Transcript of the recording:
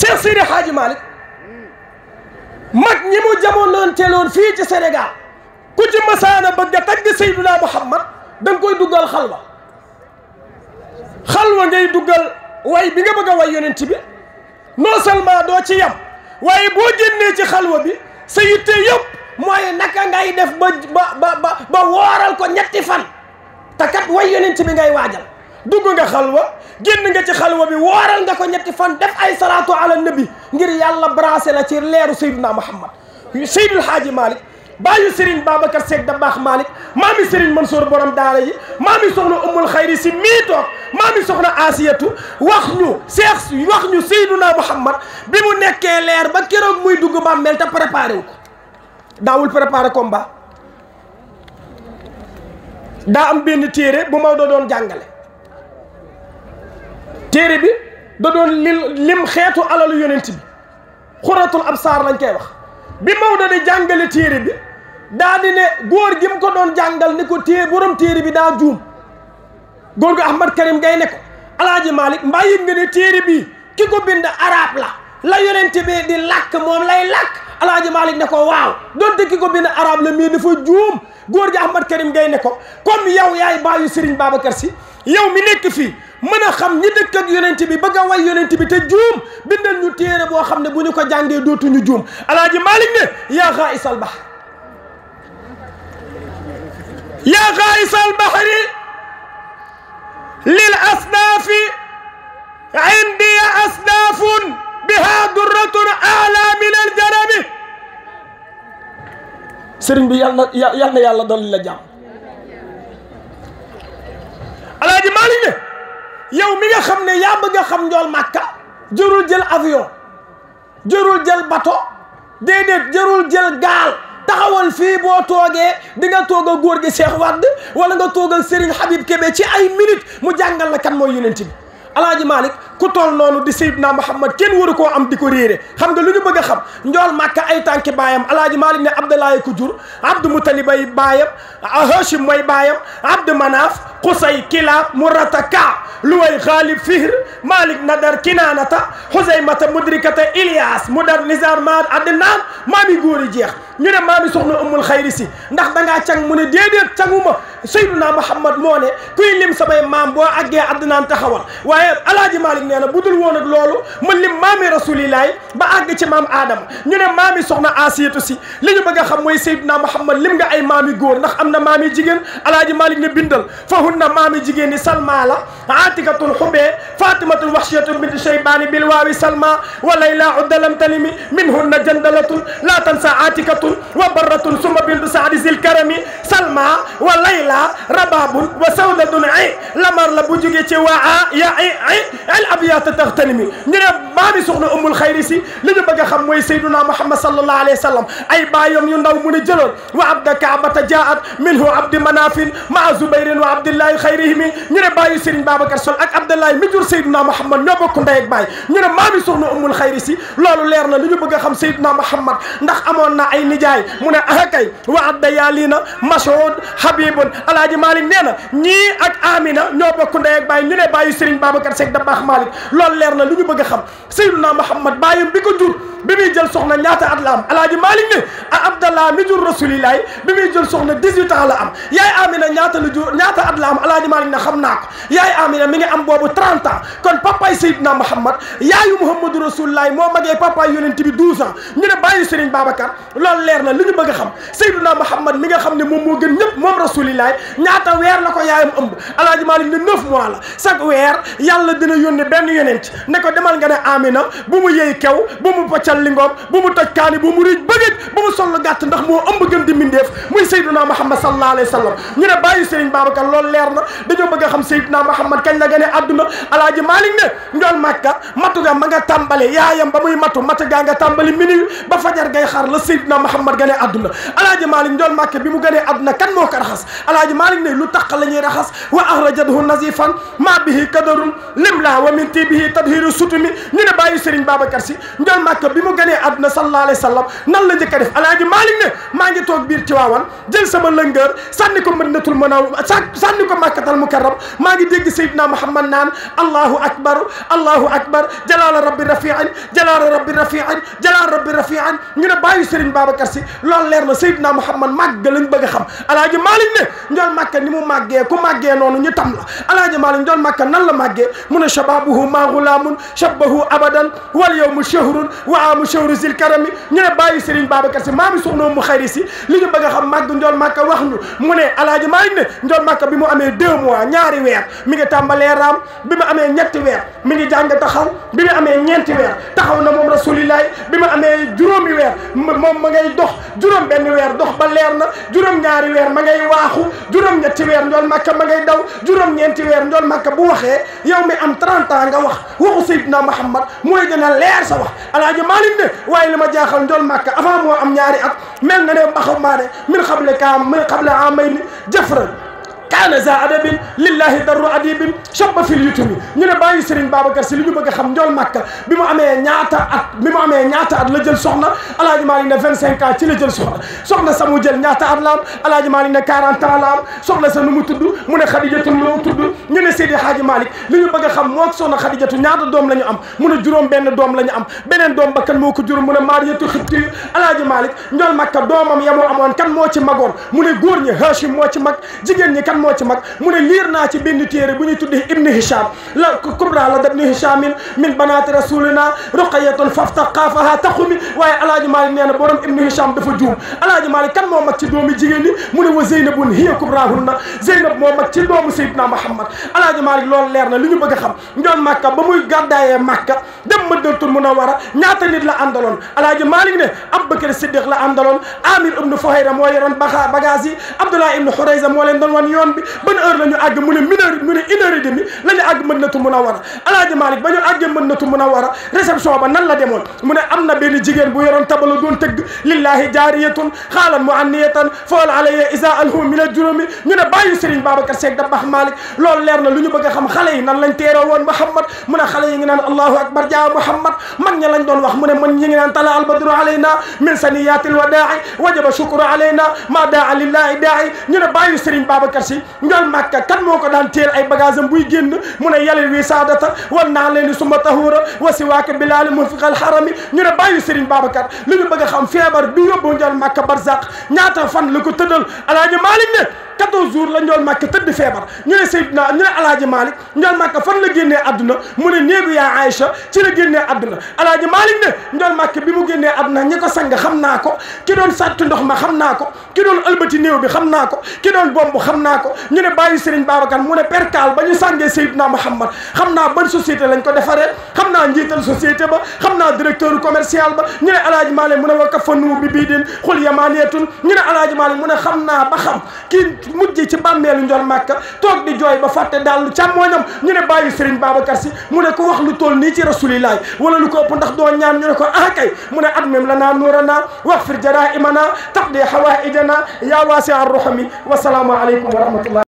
Cheikh Seydi Hadji Malick mag ñi mu jamonoon teeloon fii ci Sénégal ku ci masaana bëgg a tagg Seydina Muhammad da koy duggal xalwa xalwa ngay duggal way bi nga bëgg a way yonent bi non seulement doo ci yam waaye boo génnee ci xalwa bi sa yitte yëpp mooy naka ngay def ba ba ba ba wooral ko ñetti fan te kat way yonent bi ngay waajal dugg nga xalwa génn nga ci xalwa bi wooral nga ko ñetti fan def ay salaatu ala nabi ngir yàlla brasé la ci leeru Seydina Muhammad Seydil Haaji Malick baayu Serigne Babacar Seck da baax Malick maami Serigne Mansour borom daara yi maami soxna Umul Xayri si mii toog maami soxna Asiyatu wax ñu seex wax ñu Seydina Muhammad bi mu nekkee leer ba keroog muy dugg bàmmeel te préparé wu ko daawul préparé combat daa am benn téere bu Maodo doon jàngale téere bi da doon lim xeetu alalu yonent bi xuratul absaar lañ koy wax bi Maodo di jàngale téere bi daa di ne góor gi ko doon jàngal ni ko téye borom téere bi daa juum góor gi Ahmad Karim Gaye ne ko alaaji Malick mbaa yëg nga ne ki ko bind arab la la yonent bi di làkk moom lay jàkk alaaji Malick ne ko waaw donte ki ko bind arab la mii dafa juum góor gi Ahmad Karim ne ko comme yow yaay bàyyi Serigne Babacar Sy yow mi nekk fii mën a xam ñi dëkk ak yonent a way yonent bi te juum bindal ñu téere boo xam ne bu ñu ko jàngee dootuñu juum alaaji Malick ne yaa xaayisal bahar yaa xaayisal bahari lil asnaafi indiya asnaafun biha durratun ala min al jarabi bi yal na yàlla dolli la jàmm alaaji Maalik ne yow mi nga xam ne yaa bëgg xam njool màkka jërul jël avion jërul jël bato déedéet jërul jël gaal taxawal fii boo toogee di nga toog a góor gi Cheikh Wade wala nga toog ak Serigne Habib Kébé ci ay minutes mu jàngal la kan mooy yonent alaaji malik ku tol nonu di sayyidna Muhammad ken wuro ko am diko rere xam nga luñu bëgg xam ndol màkka ay tànki bayam alaaji malik ne abdallah ku jur Abdou mutalib ay bayam hashim moy bayam abd manaf qusay kila murataka Luway khalif Fihr malik Nadar kinanata Xusaymata Mudrikata ilyas Mudar Nizar mad adnan mami góor jeex ñu ne mami soxna Umul khairisi ndax da nga càng mu ne dedet canguma سيدنا محمد موني كوي لم سماي مام بو اغي ادنان تخوال واي الحاج مالك نانا بودول وون اك لولو من لي مامي رسول الله با اغي تي مام ادم ني نه مامي سخنا اسيت سي لي ني بغا خم موي سيدنا محمد لمغا اي مامي غور نخ امنا مامي جيجن الحاج مالك ني بيندل فهن مامي جيجن ني سلمى لا عاتقه الحب فاطمه الوحشيه بنت شيبان بالواوي سلمى وليلى عد لم تلمي منهن جندله لا تنسى عاتقه وبره ثم بنت سعد ذي الكرم سلمى وليلى ila rabaabun wa sawdatun ay lamar la bu jógee ci waa ya ay ay al abiyata taxtanimi ñu ne maami soxna umul xayri si li ñu bëgg a xam mooy sayduna muhammad sallallahu alayhi wa sallam ay baayam yu ndaw mu ne jëloon wa abda kaabata jaat minhu abdi manafin maa zubayrin wa abdillahi xayrihimi ñu ne baayu sëriñ babacar sol ak abdallahi mi jur sayduna muhammad ñoo bokk ndey ak baay ñu ne maami soxna umul xayri si loolu leer na li ñu bëgg a xam sayduna muhammad ndax amoon na ay nijaay mu ne ah kay wa adda yaa lii na masud habibun alaaji malik neena ñi ak Amina ñoo bokku ndey ak bay ñu ne bayu Serigne Babacar sek da bax malik lool leer na luñu bëgg xam sayyiduna muhammad bayam biko jur bi muy jël soxna ñaata at la am alaaji malik ne ah Abdallah mi jur rasulilaay bi muy jël soxna 18 ans la am yaay Amina ñaata la jur ñaata at la am alaaji malik ne xamna ko yaay Amina mi ngi am bobu 30 ans kon papa sayyiduna muhammad yaayu muhammad rasulillah mo magge papa yonent bi 12 ans ñu ne bayu Serigne Babacar lool leer na luñu bëgg xam sayyiduna muhammad mi nga xamne mom mo gën ñep mom rasulillah yaay ñaata weer la ko yaayam ëmb alaaji Maalik ne neuf mois la chaque weer yàlla dina yónni benn yonent ne ko demal nga ne amina bu mu yëy kew bu mu poccal lingoom bu mu toj kaani bu mu rëj bëgëj bu mu sollu ndax moo ëmb gën di mindeef muy sayduna Muhammad sallallahu alayhi wa sallam ñu ne bàyyi Serigne Babacar loolu leer na dañoo bëgg a xam sayduna Muhammad kañ la gane àdduna alaaji Maalik ne njool màkka matu ga ma nga tàmbale yaayam ba muy matu matu gaa nga tàmbali minuit ba fajar gay xar la sayduna Muhammad gane àdduna alaaji Maalik njool màkka bi mu gane àdduna kan moo ko raxas alaaji Maalik ne lu taq la ñuy raxas wa ahrajathu nazifan ma bihi kadarun lim la wa min tibihi tadhiru sutumi ñu ne bàyyi Serigne Babacar Sy njol Màkka bi mu gënee àdduna sallallahu alayhi wa sallam nan la njëkk a def alaaji Maalik ne maa ngi toog biir Tiwaawan jël sama lëngër sànni ko Madinatul Munawwara sànni ko Màkkatal Mukarram maa ngi dégg Seydina Muhammad naan allahu akbar allahu akbar jalaala rabbi rafiin jalaala rabbi rafiin jalaala rabbi rafiin ñu ne bàyyi Serigne Babacar Sy loolu leer na Seydina Muhammad màgg lañ bëgg a xam alaaji Maalik ne ndol makka ni mu magge ku magge nonu ñu tam la alaaji maalik ndol makka nan la magge mun shababuhu ma ghulamun shabahu abadan wal yawm shahrun wa am shahru zil karam ñu ne bàyyi Serigne babakar ci maami soxna mu xayri si li ñu bëgg xam màgg ndol makka wax ñu mu ne alaaji maalik ne njol makka bi mu amé 2 mois ñaari wër mi ngi tambalé ram bi mu amee ñetti wër mi ngi jàng taxaw bi mu amee ñeenti weer taxaw na mom rasulillah bi mu moom ma ngay dox juróom benn weer dox ba leer na juróom ñaari weer ma ngay waaxu juróom ñetti weer njool màkka ma ngay daw juróom ñeenti weer njool màkka bu waxee yow mi am 30 ans nga wax waxu Seydina Muhammad mooy dina leer sa wax alaaji Malick ne waaye li ma jaaxal njool màkka avant moo am ñaari at mel na ne baxu maa ne min xable ka min xable amay ni jëfran kaana za adabin lillahi darru adibin shabba fil yutumi ñu ne bàyyi Serigne Babacar si li ñu bëgg a xam njool màkka bi mu amee ñaata at bi mu amee ñaata at la jël soxna alaaji Maalik ne vingt cinq ans ci la jël soxna soxna sa mu jël ñaata at la am alaaji Maalik ne quarante ans la am soxna sa nu mu tudd mu ne Xadijatu loo tudd ñu ne Seydi Haaji Maalik li ñu bëgg a xam moog soxna Xadijatu ñaata doom la ñu am mu ne juróom benn doom la ñu am beneen doom ba kan moo ko juróom mu ne Maariyatu Xibti yu alaaji Maalik njool màkka doomam yamoo amoon kan moo ci magoon mu ne góor ñi Haashim moo ci mag jigéen ñi kan kan moo ci mag mu ne liir naa ci benn téere bu ñuy tuddee ibnu hisham la kubra la dabni hisham min min banaati rasulina ruqayatun faftaqaafaha taxumi waaye alaaji maalik nee na borom ibnu hisham dafa juum alaaji maalik kan moo mag ci doomi jigéen ñi mu ne wa zeynabun hiya kubrahunna zeynab moo mag ci doomu sayidna muhammad alaaji maalik loolu leer na li ñu bëgg a xam njoon màkka ba muy gàddaayee màkka dem madinatul munawwara ñaata nit la àndaloon alaaji maalik ne abubakar siddiq la àndaloon amir ibnu fuhayra moo yoroon baga bagage yi abdullah ibnu xurayza moo leen doon wan yoon imam bi ban heure la ñu àgg mu ne une heure mu ne une heure et demie la ñu àgg Madinatu Munawwara alaaji Malick ba ñu àggee Madinatu Munawwara réception ba nan la demoon mu ne am na benn jigéen bu yoroon tabala doon tëgg lillahi jaariyatun xaalan mu anniyatan fool alaya isa alhu min al juróomi ñu ne bàyyi Serigne Babacar Seck da baax Malick loolu leer na lu ñu bëgg a xam xale yi nan lañ teeroo woon Muhammad mu ne xale yi ngi naan allahu akbar jaa Muhammad mag ña lañ doon wax mu ne man ñi ngi naan tala albadru alayna min saniyatil wadaa'i wajaba shukru alayna ma daa lillahi daa'i ñu ne bàyyi Serigne Babacar Sy yi njol màkka kat moo ko daan teel ay bagage am buy génn mu ne yalil wi saadata wan naa leen di suma tahura wa siwaaka bilaali mun fiqal xarami ñu ne bàyyi Serigne Babacar li ñu bëgg a xam feebar bi yóbbu njol màkka barzaq ñaata fan la ko tëddal alaaji Malick ne 14 jours la ñol makka teud febar ñu ne Seydina ñu ne alaaji Malick njool màkk fan la genné aduna mu ne néegu ya aisha ci la genné aduna alaaji malik ne ñol makka bi mu genné aduna ñi ko sang xamna ko ki doon sat ndox ma xamna ko ki doon ëlbati néew bi xamna ko ki doon bomb xamna ko ñu ne bàyyi Serigne Babacar mu ne percal ba ñu sàngee Seydina Mouhamad xam ban société lañ ko défaré xamna njital société ba xamna directeur commercial ba ñu ne alaaji Malick mu ne wa kafanu bi bidin khul xul yamaaneetun ñu ne alaaji Malick mu ne xamna ba xam ki mujj ci bàmmeelu njor màkka toog di jooy ba fàtte daal lu càmmooñam ñu ne bàyyi Serigne Babacar Sy mu ne ko wax lu toll nii ci rasulillahi wala lu ko ëpp ndax doo ñaan ñu ne ko ah kay mu ne at mim lana nuurana waxfir jaraimana taqdi hawaijana ya waasi wa wasalaamu aleykum wa rahmatullah